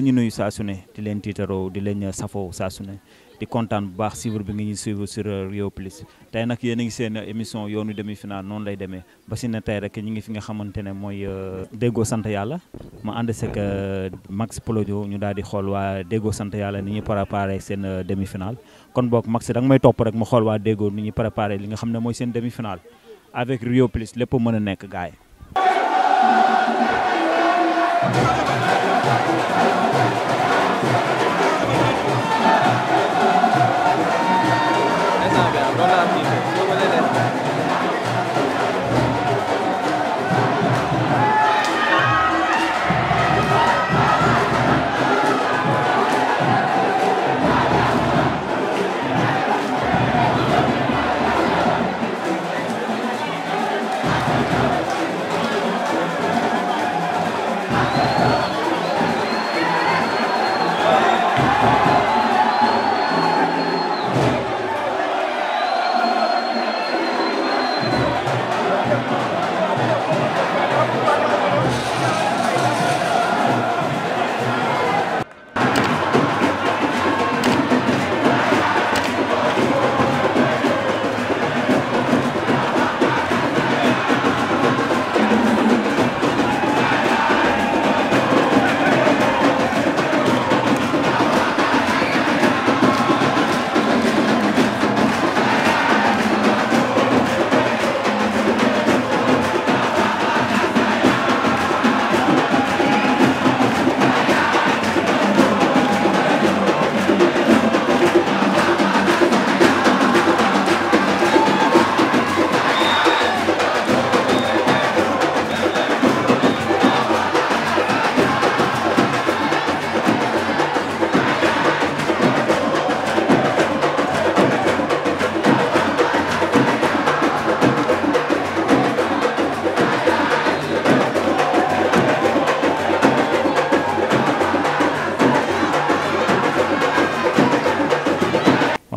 leen ñu nuyu saa su ne di leen tiitaroo di leen safoo saa su ne di kontaan bu baax suivre bi nga ñuy suivre sur Rio Plus tey nag yéen ngi seen émission yoonu demi-finale noonu lay demee ba si ne tey rek ñu ngi fi nga xamante ne mooy euh, déggoo sant yàlla ma ànd seeg euh, Max Polodio ñu daal di xool waa déggoo sant yàlla ni ñuy préparé seen euh, demi-finale kon boog Max da nga may topp rek ma xool waa déggoo ni ñu préparé li nga xam ne mooy seen demi-finale avec Rio Plus lépp 那个，我那地方，我那那。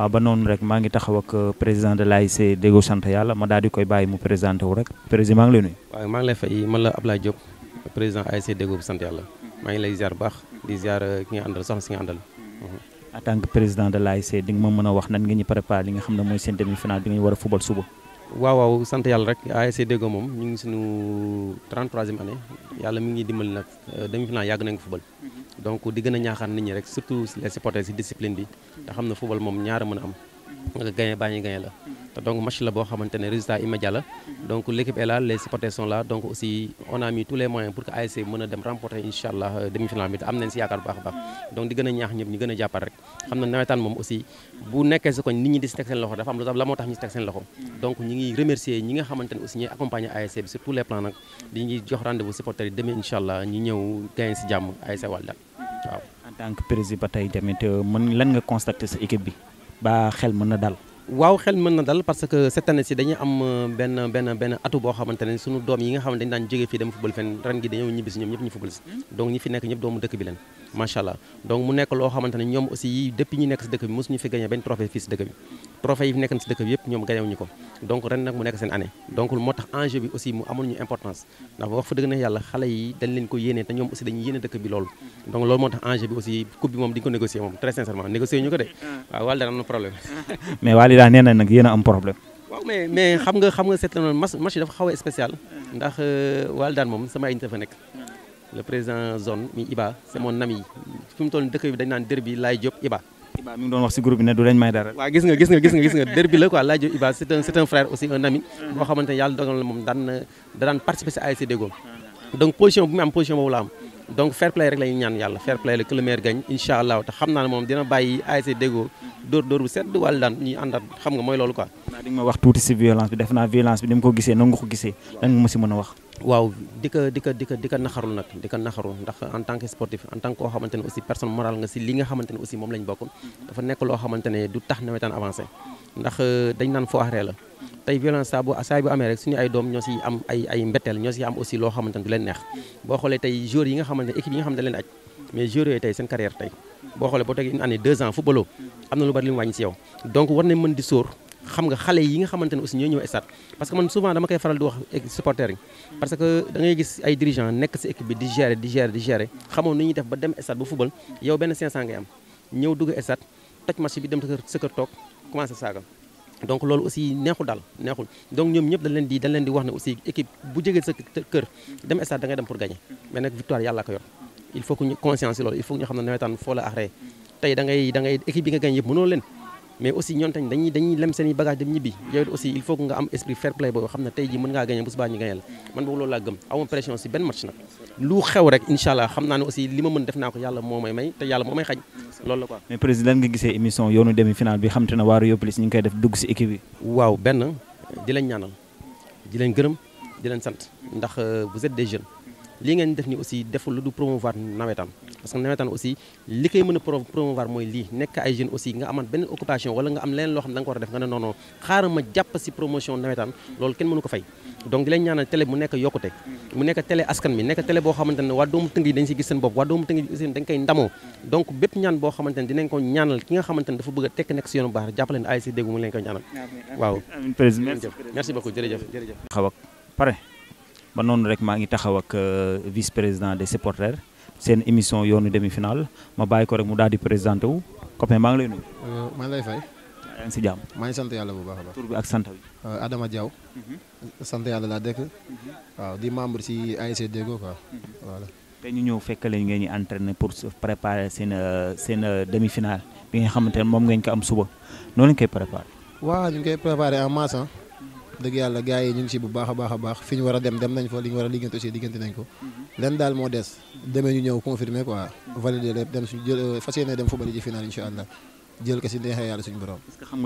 waaw ba noonu rek maa ngi taxaw ak euh, président de l'AIC Deggo sant yàlla ma daal di koy bàyyi mu présenté wu rek président maa ngi lay nuyu. waaw maa ngi lay fay la maa ngi lay ziar baax di ziar euh, ki nga àndal soxna si nga àndal. en tant que président de l'AIC di nga ma mën a wax nan nga ñu préparé li nga xam ne mooy seen demi finale bi nga ñu war a fubal suba. waaw waaw sant yàlla rek AIC Deggo moom ñu ngi suñu 33e année yàlla mi ngi dimbali nag euh, demi finale yàgg nañ ko fubal. donc di gën a ñaaxaat nit ñi rek surtout les supporters si discipline bi te xam ne football moom a boo xamante ne résultat immédiat la donc l' équipe est là les supporters sont là donc aussi on a mis a dem remporter incha allah euh, demi-finale bi te am nañ si yaakaar bu baax a a ñaax ñëpp ñu gën a jàppal rek xam na nawetaan moom aussi bu nekkee si koñ nit ñi di si teg seen loxo dafa am lu tax la tax ñu si teg seen loxo donc ñi ngi remercier ñi nga xamante aussi ñuy accompagner ASC bi sur les plans nag di ñuy jox rendez-vous supporters yi demee incha allah ñu ñëw gagné si jàmm ASC Walidane waaw en tant que président ba tey tamit euh, mën lan nga constaté sa équipe bi ba xel mën na dal. waaw xel mën na dal parce que cette année dañu am euh, benn benn benn atu boo xamante sunu doom yi nga xam daan jógee fii dem football fenn ren gi dañoo ñibbisi ñoom ñëpp ñu football si hmm? donc ñi fi nekk ñëpp doomu dëkk bi leen macha donc mu nekk loo xamante ñoom aussi depuis ñu nekk si dëkk bi mosuñu fi gagné benn trophée fii si dëkk bi trophée yi nekk na si dëkk bi yëpp ñoom gañew ko donc ren nag mu nekk seen année donc moo tax enjeu bi aussi mu amoon importance ndax wax fa dëgg na yàlla xale yi dañ leen ko yéene te ñoom aussi dañuy yéene dëkk bi loolu donc loolu moo tax enjeu bi aussi coupe bi moom di ko négocier moom très sincèrement négocier ñu ko de waaw Wally dana am na problème mais Wally daal nee nag yéen a am problème waaw mais xam nga xam nga seetlu match match dafa xaw a euh, moom sama ay nit dafa nekk le président zone mi Iba c'est mon ami dëkk bi dañ naan derby Laye Diop Iba Iba doon wax si groupe bi ne du leen may dara. waaw gis nga gis nga gis nga derbi la quoi Ladio Iba c'est un c'est frère aussi un na moom daan na daan participer si ASC Deggo donc position bu mu am position boobu la naa ne moom dina bàyyi ASC Deggo dóor dóor bu sedd wala daan ñuy àndaat xam nga mooy loolu quoi. naa di nga wax tuuti si violence bi def naa violence bi ni mu ko gisee nan nga ko gisee lan nga si mën a wax. waaw di ko di ko di ko di ko naxarul nag di ko naxarul ndax en tant que sportif en tant que koo xamante ne aussi personne morale nga si li nga xamante aussi moom lañ bokk dafa nekk loo xamante du tax nawetaan avancé ndax euh, dañ naan foo axree la tey violence saa bu saa bu amee rek ay doom ñoo si am ay ay ñoo am aussi loo xamante ne du leen neex boo xoolee tey joueurs yi nga xamante ne équipe yi nga xamante ne leen aj mais joueurs yooyu tey seen carrière tey boo xoolee boo teg une année deux ans footballoo am na lu bari li mu wàññi si yow donc war nañ mën di sóor xam nga xale yi nga xamante ne aussi ñooy ñëw stade parce que man souvent dama koy faral di wax supporters yi parce que da gis ay dirigeants nekk si équipe bi di gérer di gérer xamoon nu ñuy def ba dem stade ba fubal yow benn 500 am ñëw dugg stade toj match bi dem sa kër toog commencé saaga donc loolu aussi neexul daal neexul donc ñoom ñëpp dañ leen di dañ leen di wax ne aussi équipe bu jege sa kër dem stade da ngay dem pour gagner mais nag victoire yàlla ko leen mais aussi ñoom tamit dañuy dañuy lem seen i bagage dem ñibbi yow aussi il faut que nga am esprit fair play boobu xam ne tey ji mën ngaa gagné bu subaa ñu gagné la man boobu loolu laa gëm awma pression si benn match nag lu xew rek incha xam naa ne aussi li ma mën def naa ko yàlla moo may may te yàlla moo may xañ loolu la quoi mais président nga gisee émission yoonu demi final bi xam te ne waa Rio Plus ñu ngi def dugg si équipe waaw benn di leen sant ndax euh, vous êtes des li ngeen def ni aussi deful lu du promouvoir nawetaan parce que nawetaan aussi li koy mën a promouvoir mooy lii nekk ay jeunes aussi nga amat benn occupation wala nga am leneen loo xam ne ko war a def nga ne non non xaaral ma jàpp si promotion nawetaan loolu kenn mënu ko fay donc di leen ñaanal télé mu nekk yokkute mu nekk télé askan bi nekk télé boo xamante ne waa doomu tëng yi dañ si gis seen bopp waa doomu tëng yi aussi dañ nga xamante ne dafa bëgg a si yoonu baax jàppale ne ASC Deggu mu ngi leen koy ba noonu rek maa ngi taxaw ak euh, vice président des supporters seen émission yoonu demi-finale ma bàyyi ko rek mu daal di présenté wu copain maa ngi lay nuyu. Euh, maa ngi lay fay. yaa ngi maa ngi sant yàlla bu baax a baax. bi ak sant euh, Adama Diaw. Mhm. sant yàlla laa dëkk. Mhm. di membre si ASC Deggo quoi. Mhm. voilà ñu ñëw fekk leen ngeen ñu entraîner pour préparer seen seen demi-finale bi nga xamante ne moom ngeen ko am suba noonu koy préparer. waaw ñu ngi préparer en masse dëgg yàlla gars yi ñu ngi ci bu baax a baax a baax fi ñu war a dem dem nañ fa li ñu war a liggéeyante aussi liggéeyante nañ ko len mhm. daal moo des demee ñu ñëw confirmer quoi valider lépp dem suñu jël euh, fas yéene dem football ji final allah jël ko ci neexee yàlla suñu borom. si xam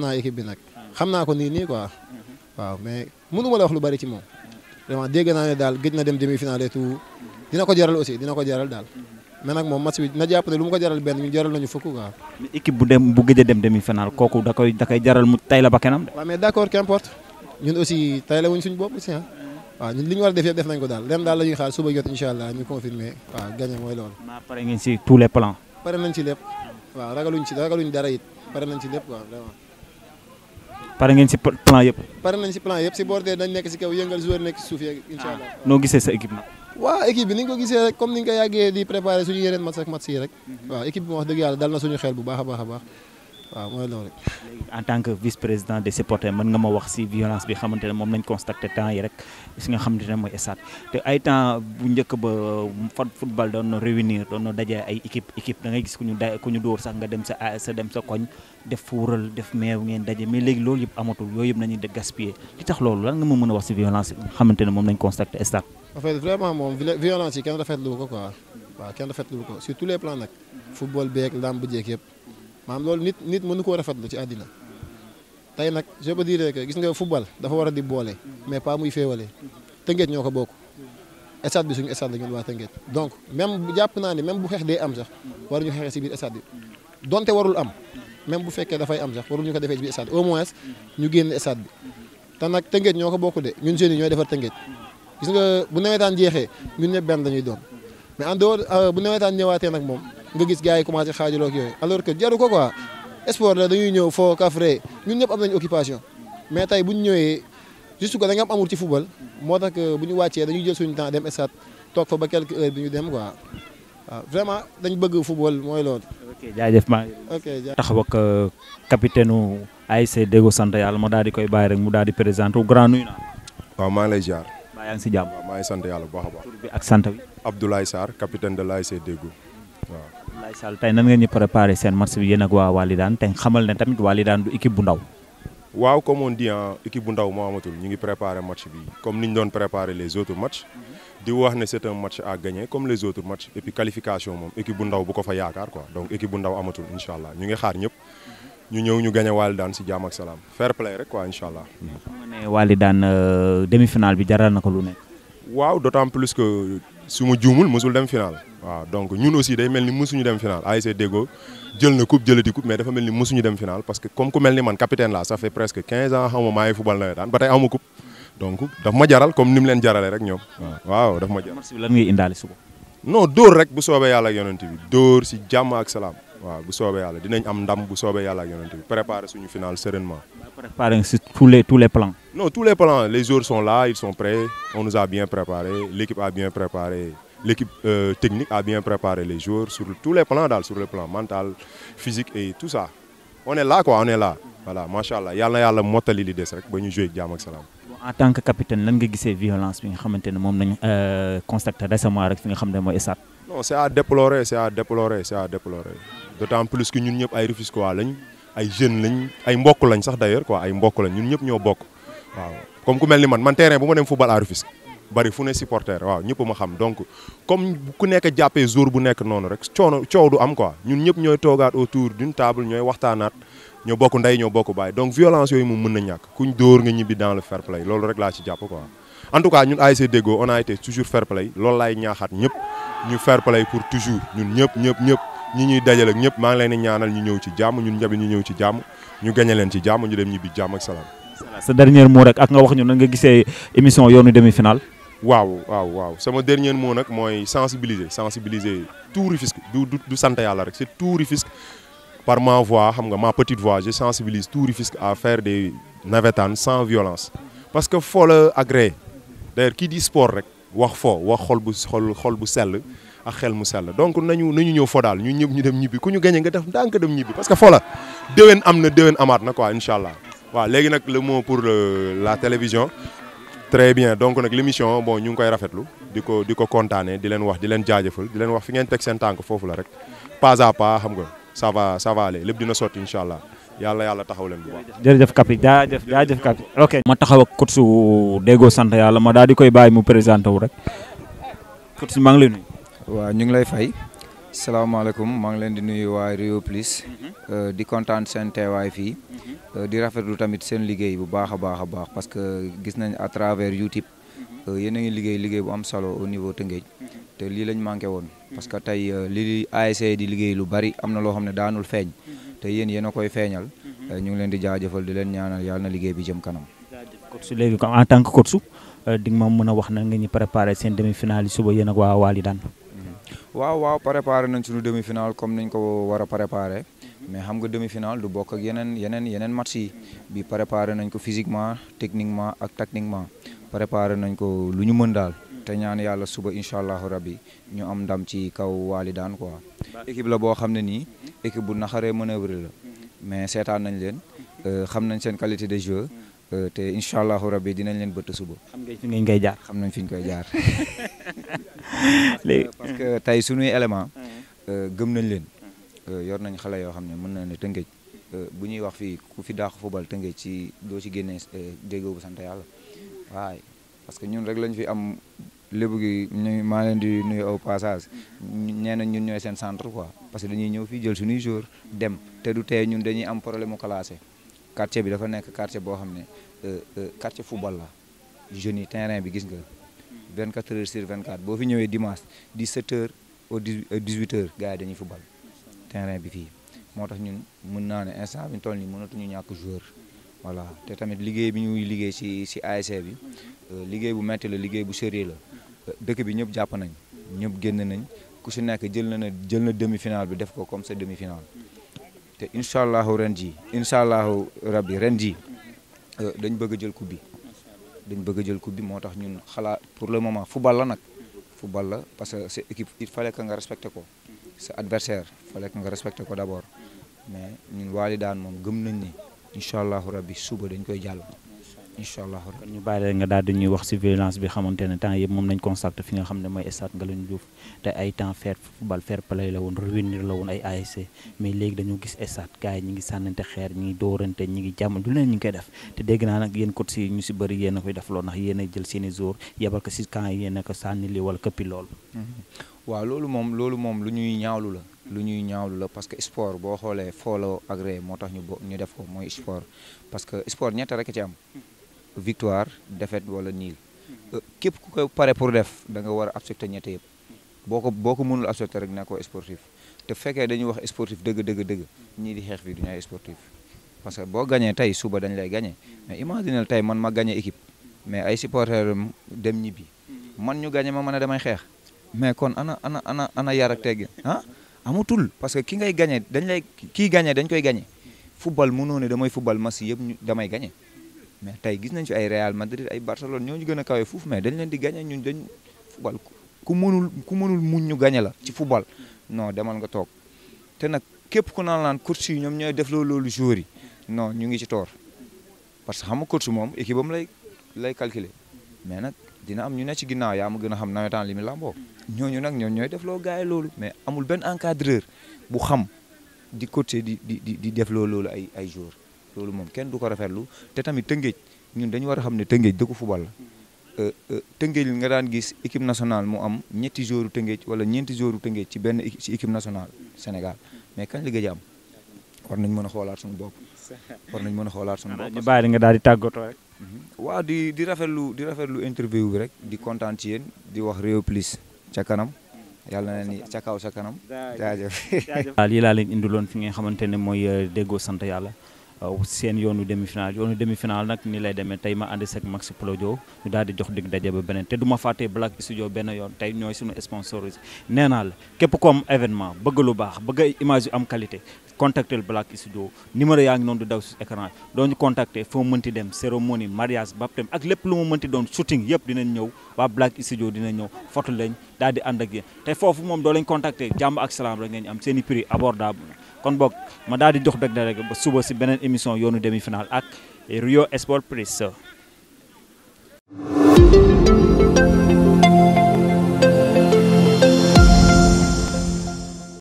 naa équipe bi nag ah. xam naa ko nii nii mhm. waaw mais mënu la wax lu bari ci moom vraiment naa ne daal gëj na dem demi final tout mhm. dina ko jaral aussi dina ko jaral daal mais nag moom match bi na jàpp ne lu mu ko jaral benn ñu jaral nañu fukk quoi. mais équipe bu dem bu gëj a dem demi final kooku da koy da koy jaral mu tay la ba kanam de. waaw mais d' accord qu'importe ñun aussi tay ah. war a def nañ ko daal leen daal la ñuy xaar suba jot incha allah ñu confirmer waaw gagné mooy loolu. maa pare ngeen si tous les plans. pare nañ ci lépp waaw ragaluñ ci ragaluñ dara it pare nañ ci lépp quoi vraiment. pare ngeen si plan yëpp. pare si plan yëpp dañ nekk si kaw yëngal joueur nekk si suuf yeeg. allah noo gisee sa waaw équipe bi ni ñu ko gisee rek comme ni ñu ko yàggee di préparer suñu yeneen match ak match yi rek mhm. waaw équipe bi wax dëgg yàlla dal na suñu xel bu baax a baax a baax waaw mooy loolu rek. léegi en tant que vice président des supporters mën nga ma wax si violence bi xamante ne moom lañ constaté temps yi rek si xamante ne mooy stade te temps bu njëkk ba fan football doon na réunir doon na daje ay équipe équipe da ngay gis ku ñu da ku ñu dóor sax nga dem sa ah, sa dem sa koñ def fuural def meew ngeen daje mais léegi loolu yëpp amatul yooyu yëpp nañuy gaspiller li tax loolu lan nga ma mën a wax si violence bi xamante ne moom lañ constaté stade. en fait vraiment moom violence yi kenn rafetlu ko quoi waaw kenn rafetlu ko sur tous les plans nag football beeg làmb jeeg yëpp maanaam loolu nit nit mënu koo rafetlu ci àddina tey nag je peux dire gis nga football dafa war a di boole mais pas muy féewale tëngeet ñoo ko bokk stade bi suñu stade la ñun waa tëngeet même bu jàpp naa ni même bu xeex dee am sax war ñu xeexee si biir stade donte warul am même bu fekkee dafay am sax warul ñu ko defee ci biir au moins ñu génn stade te nag tëngeet ñoo ko bokk de ñun jeunes yi ñooy defar tëngeet gis nga bu nawetaan jeexee ñun ñëpp benn dañuy doon mais en dehors euh, bu nawetaan ñëwaatee nag moom nga gis gars yi commencé xaajaloo ak yooyu alors que jaru ko quoi sport la dañuy ñëw foo kafre ñun ñëpp am nañu occupation mais tey bu ñu ñëwee juste ko da am amul ci football moo tax bu ñu wàccee dañuy jël suñu temps dem stade toog fa ba quelques heures bi ñu dem quoi waaw vraiment dañ bëgg football mooy loolu. ok jaajëf maa ngi. ok jaajëf taxaw ak euh, capitaine ASC Deggo sant yàlla ma daal di koy bàyyi rek mu daal di présenté grand nuyu naa. waaw maa lay ziar. mbaa yaa ngi si jàmm. waaw maa ngi sant yàlla bu baax a baax. tur bi capitaine de l'ASC Déggo waaw. tey nan ngeen ñu préparé seen match bi yéen ak waa Walidaan te xamal ne tamit Walidaan du équipe bu ndaw. waaw comme on dit équipe bu ndaw moo amatul ñu ngi préparé match bi comme ni ñu doon préparé les autres matchs. Mhm. di wax ne c'est match à gagner comme les autres matchs et qualification moom équipe bu ndaw bu ko fa yaakaar quoi donc équipe bu ndaw ñu ñëw ñu gagné Waly Daan si jaam ak salaam fair play rek quoi incha allah. xam nga ne euh, bi jaral na ko lu nekk. waaw d' autant plus que su ma juumul mosul dem final. waaw donc ñun aussi day mel ni mosuñu dem final ASC Deggo na coupe jëlati coupe mais dafa ni mosuñu dem final parce que comme ku mel ni man capitaine laa ça fait presque 15 ans ma maa ngi jaral comme ni mu leen jaralee rek ñoom. waaw daf ma jaral. lan ngay indaale suba. dóor rek bu soobee yàlla ak yonent bi dóor si jàmm ak salaam. waaw bu soobee yàlla dinañ am ndam bu soobee yàlla ak yonent bi préparer suñu final sereinement. préparer sur tous les tous les plans. non tous les plans les joueurs sont là ils sont prêts on nous a bien préparé l'équipe a bien préparé l'équipe euh, technique a bien préparé les joueurs sur tous les plans daal sur le plan mental physique et tout ça on est là quoi on est là voilà macha allah yàlla yàlla mottali li des rek ba ñu joué ak salaam. en tant que capitaine lan nga gisee violence bi nga xamante ne moom nañ euh, constaté récemment nga xam ne mooy Esat. non c'est à déplorer c'est à déplorer c'est à déplorer d'autant plus que ñun ñëpp ay Rufisquois lañ ay jeunes lañ ay mbokk lañ sax d'ailleurs quoi ay mbokk lañ ñun ñëpp ñoo bokk waaw comme ku man man terrain bu ma dem football à ku nekk jàppee jour bu nekk noonu rek coono coow du am quoi ñun ñëpp ñooy toogaat autour d'une table ñooy waxtaanaat ñoo bokk ndey ñoo bokk baay donc violence yooyu moom mën na ñàkk kuñ dóor nga ñibbi dans le fair play loolu rek laa ci jàpp quoi en tout cas ñun ASC e on a été toujours ñu fair play pour toujours ñun ñëpp ñëpp ñëpp ñi ñuy dajal ak ñëpp maa ngi leen di ñaanal ñu ñëw ci jàmm ñun njabi ñu ñëw ci jàmm ñu gañe leen ci jàmm ñu dem ñibbi jàmm ak salaam. sa dernier moo rek ak nga wax ñu nan nga gisee émission yoonu demi-finale. waaw waaw waaw sama dernier moo nag mooy sensibiliser sensibiliser tout Rufisque du du sant yàlla rek c'est tout Rufisque par ma voix xam nga ma petite voix je sensibilise tout Rufisque à faire des navétanes sans violence parce que foo la kii di rek. wax foo wax xol bu xol xol bu sell ak xel mu sell donc nañu nañu ñëw fo daal ñu ñëpp ñu dem ñibbi ku ñu gañee nga def ndànk dem ñibbi parce que foo la déwén am na déwén amaat na quoi incha allah waaw léegi nag le mot pour la télévision très bien donc nag li mission boo ñu ngi koy rafetlu di ko di ko kontaanee di leen wax di leen jaajëfal di leen wax fi ngeen teg seen tànk foofu la rek pas a pas xam nga ça va ça va lépp dina sotti incha allah yàlla yàlla taxaw leen bu baax. jërëjëf Kapi jaajëf jaajëf Kapi ok. ma taxaw ak coach su Deggo sant yàlla ma daal di koy bàyyi mu présenté wu rek coach maa ngi lay nuyu. waaw ñu ngi lay fay. salaamaaleykum maa ngi leen di nuyu waa Rio Plus. Mhm. Euh, di kontaan seen teewaay fii. Mhm. Euh, di rafetlu tamit seen liggéey bu baax a baax a baax parce que gis nañ à travers YouTube. Mhm. Euh, yéen a ngi liggéey liggéey bu am solo au niveau Tëngéej. te lii lañ manqué woon. parce que tey li ASC e di liggéey lu bari am na loo xam ne daanul feeñ. te yéen yéen a koy feeñal. Mhm. Eh, ñu ngi leen di jaajëfal di leen ñaanal yàlla na liggéey bi jëm kanam. jaajëf coach léegi en tant que coach eh, di nga ma mën a wax na nga ñu préparé seen demi-finale suba yéen ak waa Walidaan. Mhm. waaw waaw préparé nañ suñu demi-finale comme nañ ko war a préparé. Mhm. mais xam nga demi-finale du bokk ak yeneen yeneen yeneen match bi préparé nañ ko physiquement techniquement ak techniquement préparé nañ ko lu ñu mën daal. te ñaan yàlla suba incha allahu rabbi ñu am ndam ci kaw waali daan quoi. équipe la boo xam ne nii équipe bu naxaree manœuvre la mais seetaan nañ leen euh, xam nañ seen qualité de jeu euh, te incha allahu rabbi dinañ leen bëtt suba. xam nga fi ngeen koy jaar xam nañ fi ñu koy jaar. léegi parce que tey suñuy élément euh, gëm nañ leen yor nañ xale yoo xam ne mën na ne tëngëj bu ñuy wax fii ku fi daax fubal tëngëj ci doo ci génnee jéego bu sant yàlla waaye. parce que ñun rek lañ fi am lébu gi ñu maa leen di nuyu au passage nee na ñun ñooy seen centre quoi parce que dañuy ñëw fii jël su suñuy jour dem te du tee ñun dañuy am problème mu classé quartier bi dafa nekk quartier boo xam ne euh, euh, quartier football la jeunes yi terrain bi gis nga 24 heures sur 24 boo fi ñëwee dimanche 17 heures au 18 euh, heures gars yi dañuy football terrain bi fii moo tax ñun mën naa ne instant bi ñu toll nii mënatuñu ñàkk joueur voilà te tamit liggéey bi ñuy liggéey si si ASC e bi euh, liggéey bu metti la liggéey bu sérieux la euh, dëkk bi ñëpp jàpp nañ ñëpp génn nañ ku si nekk jël na na jël na demi final bi def ko comme sa demi final te incha allahu ren jii incha allahu rabbi ren ji euh, dañ bëgg jël coupe bi dañ bëgg jël coupe bi moo tax ñun xalaat pour le moment football la nag football la parce que sa équipe il fa que nga respecté ko sa adversaire fa que nga respecté ko d' abord mais ñun waali daan moom gëm nañ ni incha allahu rabbi suba dañ koy jàll. incha allah ñu bàyyi nga daal di ñuy wax si violence bi xamante ne temps yëpp moom lañ constaté fi nga xam ne mooy stade Ngalandou Diouf te ay temps fair football fair play la woon revenir la woon ay ASC mais léegi dañoo gis stade gars yi ñi ngi sànnante xeer ñi ngi dóorante ñi ngi jàmm du leen ñu ngi koy def te dégg naa nag yéen côté si ñu si bëri yéen koy def loolu ndax yéen a jël seen i jour yebal ko si camp yi yéen a ko sànni li wala këppi lu ñuy ñaawlu la parce que sport boo xoolee fooloo ak ree moo tax ñu bo ñu def ko mooy sport parce que sport ñett rek ci am victoire défaite wala niil mm-hmm. euh, képp ku ko pare pour def da nga war a accepter ñett yëpp mm-hmm. boo ko boo ko mënul accepter rek nekkoo sportif te fekkee dañuy wax sportif dëgg dëgg dëgg mm-hmm. ñii di xeex fii du ñu ay sportif parce que boo gañee tey suba dañ lay gañee mais imaginel tey man ma gañe équipe mais ay supporters dem ñibbi man ñu gañe ma mën a demay xeex mais kon ana ana ana ana yar ak teggi ah amatul parce que ki ngay gagné dañ lay kii gagné dañ koy gagné football mënoo ne damay football match yëpp ñu damay gagné mais tey gis nañ fi ay Real Madrid ay Barcelone ñoo ñu gën a kawe fuuf mais dañ leen di gagné ñun dañ football ku mënul ku mënul muñ ñu gagné la ci football non demal nga toog te nag képp ku naan laan coach yi ñoom ñooy def loolu loolu joueur yi non ñu ngi ci toor parce que xam nga moom équipe am lay lay calculer mais nag dina am ñu ne ci ginnaw yaa ma gën a xam nawetaan li mu làmboo ñooñu nag ñoom ñooy defloo loo yi loolu mais amul benn encadreur bu xam di côté di di di di def loolu ay ay jour loolu moom kenn du ko rafetlu te tamit Tëngéej ñun dañu war a xam ne Tëngéej dëkku football la euh, euh, Tëngéej nga daan gis équipe nationale mu am ñetti joueurs u Tëngéej wala ñeenti joueurs Tëngéej ci benn ci équipe nationale Sénégal mais kañ la am war nañ mën a xoolaat suñu bopp war nañ mën a xoolaat suñu bopp. ñu bàyyi nga daal di tàggatoo rek. Mhm. waaw di di rafetlu di rafetlu interview bi rek di kontaan ci yéen di wax Réew Plus. ca kanam yàlla na ni ca kaw ca kanam jaajëf. lii laa leen indiloon fi nga xamante ne mooy euh, déggoo sant yàlla. Euh, seen yoonu demi-finale yoonu demi-finale nag ni lay demee tey ma ànd seeg Max Plodio ñu daal jox dig daje ba beneen te du fàtte Black Studio benn yoon tey ñooy suñu sponsorisé nee la képp ku am événement bëgg lu baax bëgg image am qualité contactel Black Studio numéro yaa ngi noonu du daw si écran doo ñu contacter foo mënti dem cérémonie mariage baptême ak lépp lu mu mënti doon shooting yëpp dinañ ñëw waa Black Studio dinañ di ànd ak yéen te foofu moom doo lañ contacter jàmm kon boog ma daal di dox deg rek ba suba si beneen émission yoonu demi-finale ak Rio Sport Plus.